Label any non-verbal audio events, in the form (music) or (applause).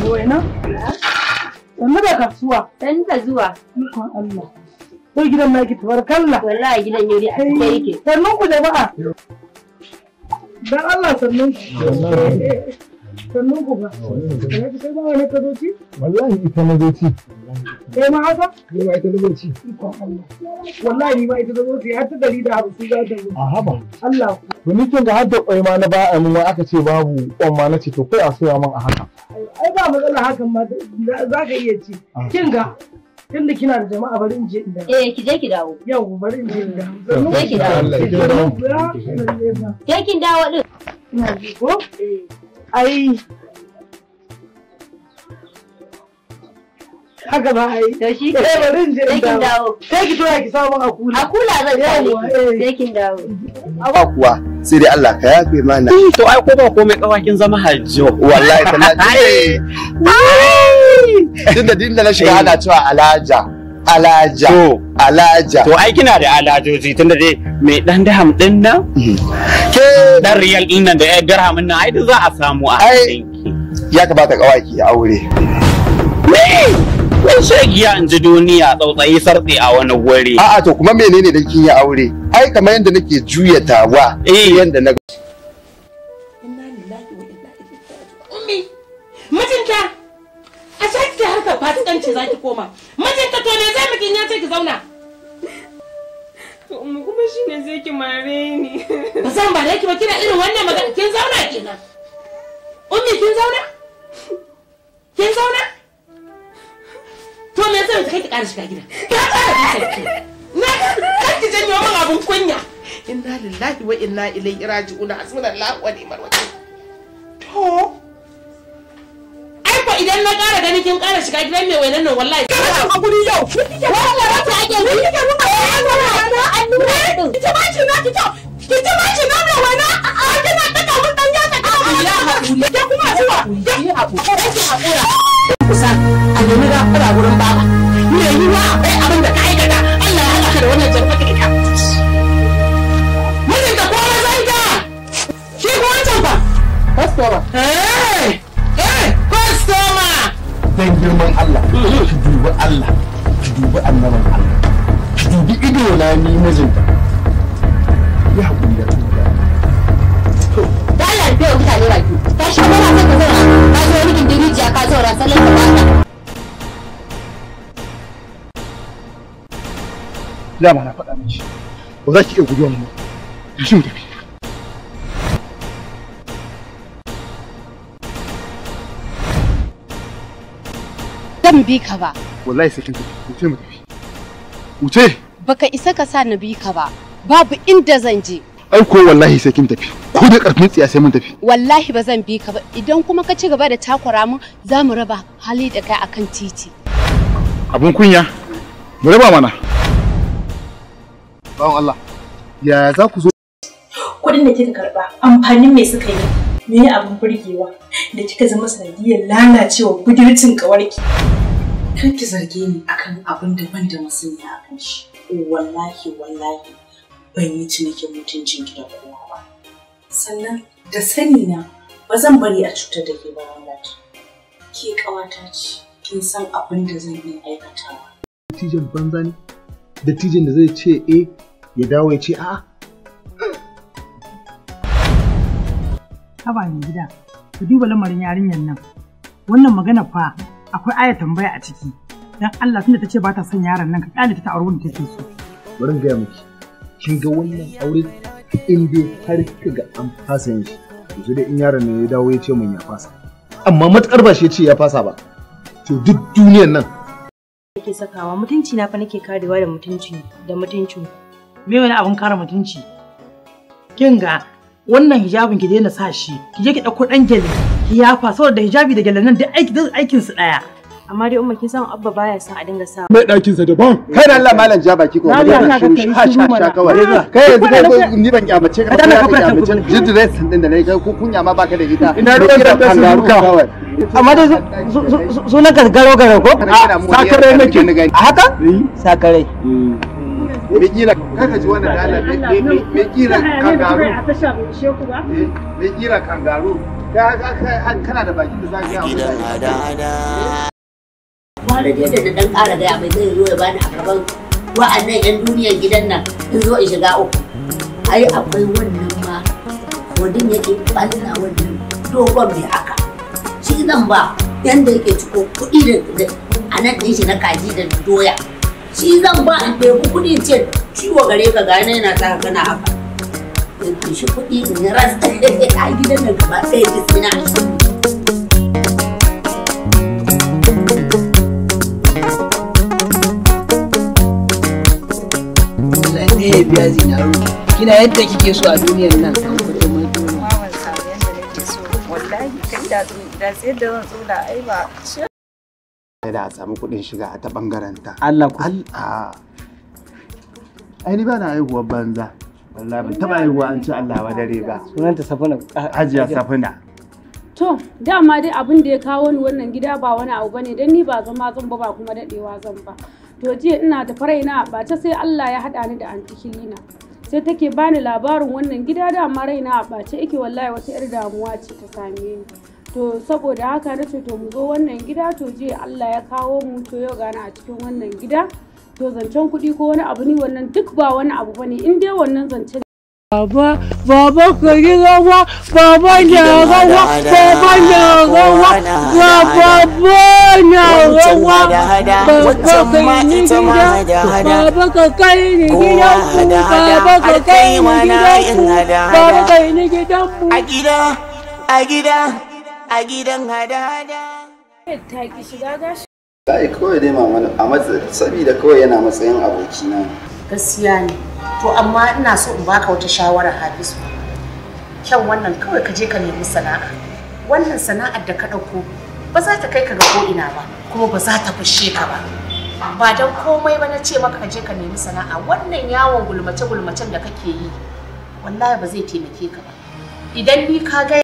Bueno. da kasuwa. Sannu da zuwa. Ikon Allah. Ko gidan maki tabarkalla. Wallahi gidan yuri a cikin yake. ku jama'a. Dan Allah sannan ku kai wani ka na kai ma ma ita ma ita da za ta a Allah ku kin ga har da ƙwai ma na ba a mun aka ce babu kwan ma na ce to kai a soya man a haka ai ba matsala hakan ma za ka iya ci ah. kin ga tunda kina da jama'a bari in je in dawo. Eh ki je ki dawo. Yau bari in je in dawo. Je ki dawo. Je kin dawo din. Ina ji ko? Eh. ai haka ba ai da shi ke eh, bari in je in dawo sai ki tura ki samu akula akula zan kawo eh. sai kin dawo ba kuwa sai dai Allah ka yafe mana eh, to ai ko ba komai kawakin zama hajjo wallahi tallahi tunda dinda na shiga ana cewa alaja alaja alaja to ai kina da alajoji tunda dai mai dan daham din nan mm-hmm. dan riyal din nan da dirham nan ai za a samu a ya kamata kawaki a aure Wai giya in ji duniya tsautsayi sarɗe a wani wuri. A'a to kuma menene dan kin yi aure? Ai kamar yadda nake juya tawa. Eh yadda na Mijinta a sake harkar fasikanci za ki koma. Mijinta to me zai mutum ya ce ki zauna? To umma shine sai ki mare ni. (laughs) Ba san ba ki ba kina irin wannan magana kin zauna kenan. Ummi kin zauna? Kin zauna? To me yasa ki kai ki ƙara shiga gida? Ka ƙara Na ka ki janyo min abun kunya. Inna lillahi wa inna ilaihi raji'un. Hasbunallahu wa ni'mal wakeel. To idan na kara gani kin kara shiga gidan mai wainan nan wallahi. Kana yau. ake Kike na annuna din. na ki Ki ya ta Ya kuma zuwa. Ki haƙuri. Ki Kusa a gurin baba. Me yiwa abin da ka aikata. Allah ya haɗa da wannan jarfa ka ita. Mijinta zai ta. Shi ko wancan ba. Allah ki dubi annaban Allah ki dubi ido na ni mijinta ya haƙuri da to ya Allah rufe mutane baki tashi mana sai ka zauna ka ba za ki iya ba shi mu tafi zan bi ka ba wallahi sai kin tafi mu tafi wuce baka isa ka sa na bi ka ba babu inda zan je ai ko wallahi sai kin tafi ko da karfin tsiya sai mun tafi wallahi ba zan bi ka ba idan kuma ka ci gaba da takura mu za mu raba hali da kai akan titi abun kunya mu raba mana bawon Allah ya za ku zo kudin da kika karba amfanin me suka yi me abin burgewa da kika zama sanadiyar lalacewa budurcin kawarki kar ki zarge ni akan abin da ban da masaniya a kan shi wallahi wallahi ban yi cinikin mutuncin ki da kowa ba sannan da sani na ba zan bari a cutar da ke ba ke kawata ce kin san abin da zan iya aikatawa dattijan banza ne dattijan da zai ce eh ya dawo ya ce a'a haba ne gida ka duba lamarin yarinyar nan wannan magana fa akwai aya tambaya a ciki dan Allah tunda ta ce ba ta son yaron nan ka kyale ta aure wanda take so bari ga gaya miki kin ga wannan aure in dai har kika ga an fasa shi yanzu dai in yaron ne ya dawo ya ce mun ya fasa amma matakar ba shi ya ce ya fasa ba to duk duniyar nan nake sakawa mutunci na fa nake karewa da mutunci da mutuncin me wani abun kare mutunci kin ga wannan hijabin ki daina sa shi ki je ki ɗauko ɗan gele ki yafa saboda hijabi da gyalen nan duk aiki duk aikin su ɗaya amma dai umma kin san abba baya son a dinga sa mai dakin sa daban kai Allah malam ja baki ko wani shiru ha sha kawai kai yanzu kai ni ban kyamace ka kana ka fara kyamace jidres din da nayi kai ko kunya ma baka da ita ina ruwan da ta kawai. amma dai sunan ka garo garo ko sakare nake a haka eh. sakare mm. me kila kaka ji wannan dala kila kila kana da bakin da za ka yi wani da na dan kara gaya mai zai zo ya bani a gaban wa'annan yan duniyar gidan nan in zo in shiga uku ai akwai wannan ma wadin yake ɓalla wannan dogon mai haka shi zan ba yanda yake ciko kuɗi da a nan ɗin shi na kaji da doya shi zan ba in ɗebi kuɗi ce ciwo gare ka gane yana ta na haka in kunshi kuɗi in yi ras (laughs) a gidan da gaba ɗaya ji sina ya biya zinaru kina yadda kike so a duniyar nan an kuɗin so da zan tsula ai ba sai da a samu kuɗin shiga ta ɓangaren ta. Allah ku. Allah. Ai ni ba na haihuwar banza. Wallahi ban taɓa haihuwa an ci Allah ba dare ba. Sunanta Safina. Hajiya Safina. To, dama dai abin da ya kawo ni wannan gida ba wani abu bane dan ni ba zama zan ba ba kuma dadewa zan ba. To jiya ina da faraina ba ta sai Allah ya hada ni da antikilina. Sai take bani labarin wannan gida dama raina a ɓace yake wallahi wata 'yar damuwa ce ta same ni. to saboda haka na ce to mu zo wannan gida to je Allah ya kawo mu to yau gana a cikin wannan gida to zancen kuɗi ko wani abu ne wannan duk ba wani abu ba ne in dai wannan zancen Baba, baba ka yi baba na rawa, baba na rawa, baba na rawa, baba ka yi ni gida, baba ka kai ni gidanku, baba ka kai ni gidanku, baba ka yi ni gidanku. A gida, a gida, a gidan hada-hada. Ta ki kawai dai mama a matsayin saboda kawai yana matsayin abokina. Gaskiya ne. To amma ina so in baka wata shawara Hafizu. Kyan wannan kawai ka je ka nemi sana'a. Wannan sana'ar da ka ɗauko ba za ta kai ka ga ko'ina ba kuma ba za ta fushe ka ba. Ba don komai ba na ce maka ka je ka nemi sana'a wannan yawon gulmace-gulmacen da kake yi wallahi ba zai taimake ka ba. Idan ni ka gaya